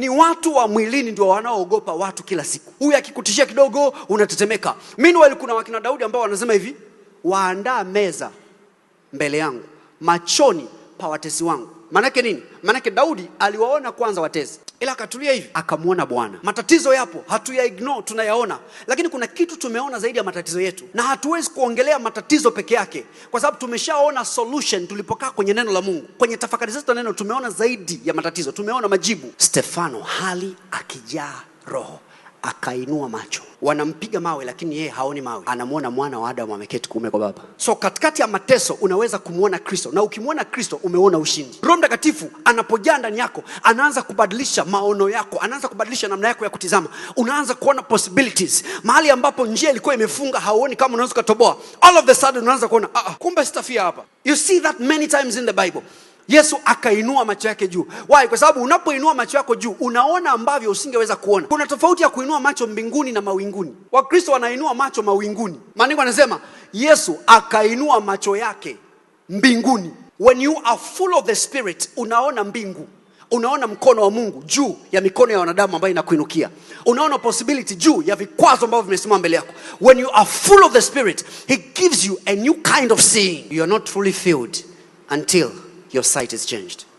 Ni watu wa mwilini ndio wanaoogopa watu kila siku. Huyu akikutishia kidogo unatetemeka. Meanwhile kuna wakina Daudi ambao wanasema hivi, waandaa meza mbele yangu machoni pa watesi wangu. Maanake nini? Maanake Daudi aliwaona kwanza watesi, ila akatulia hivi, akamwona Bwana. Matatizo yapo, hatuya ignore, tunayaona, lakini kuna kitu tumeona zaidi ya matatizo yetu, na hatuwezi kuongelea matatizo peke yake, kwa sababu tumeshaona solution tulipokaa kwenye neno la Mungu, kwenye tafakari zetu neno, tumeona zaidi ya matatizo, tumeona majibu. Stefano hali akijaa roho akainua macho wanampiga mawe, lakini yeye haoni mawe, anamwona mwana wa Adamu ameketi kuume kwa Baba. So katikati ya mateso unaweza kumwona Kristo, na ukimwona Kristo umeona ushindi. Roho Mtakatifu anapojaa ndani yako, anaanza kubadilisha maono yako, anaanza kubadilisha namna yako ya kutizama, unaanza kuona possibilities mahali ambapo njia ilikuwa imefunga, hauoni kama unaweza ukatoboa, all of the sudden unaanza kuona ah, ah, kumbe sitafia hapa. You see that many times in the Bible. Yesu akainua macho yake juu. Why? Kwa sababu unapoinua macho yako juu unaona ambavyo usingeweza kuona. Kuna tofauti ya kuinua macho mbinguni na mawinguni. Wakristo wanainua macho mawinguni. Maandiko anasema Yesu akainua macho yake mbinguni. When you are full of the spirit, unaona mbingu, unaona mkono wa Mungu juu ya mikono ya wanadamu ambayo inakuinukia, unaona possibility juu ya vikwazo ambavyo vimesimama mbele yako. When you are full of the spirit, he gives you a new kind of seeing. You are not fully filled until your sight is changed.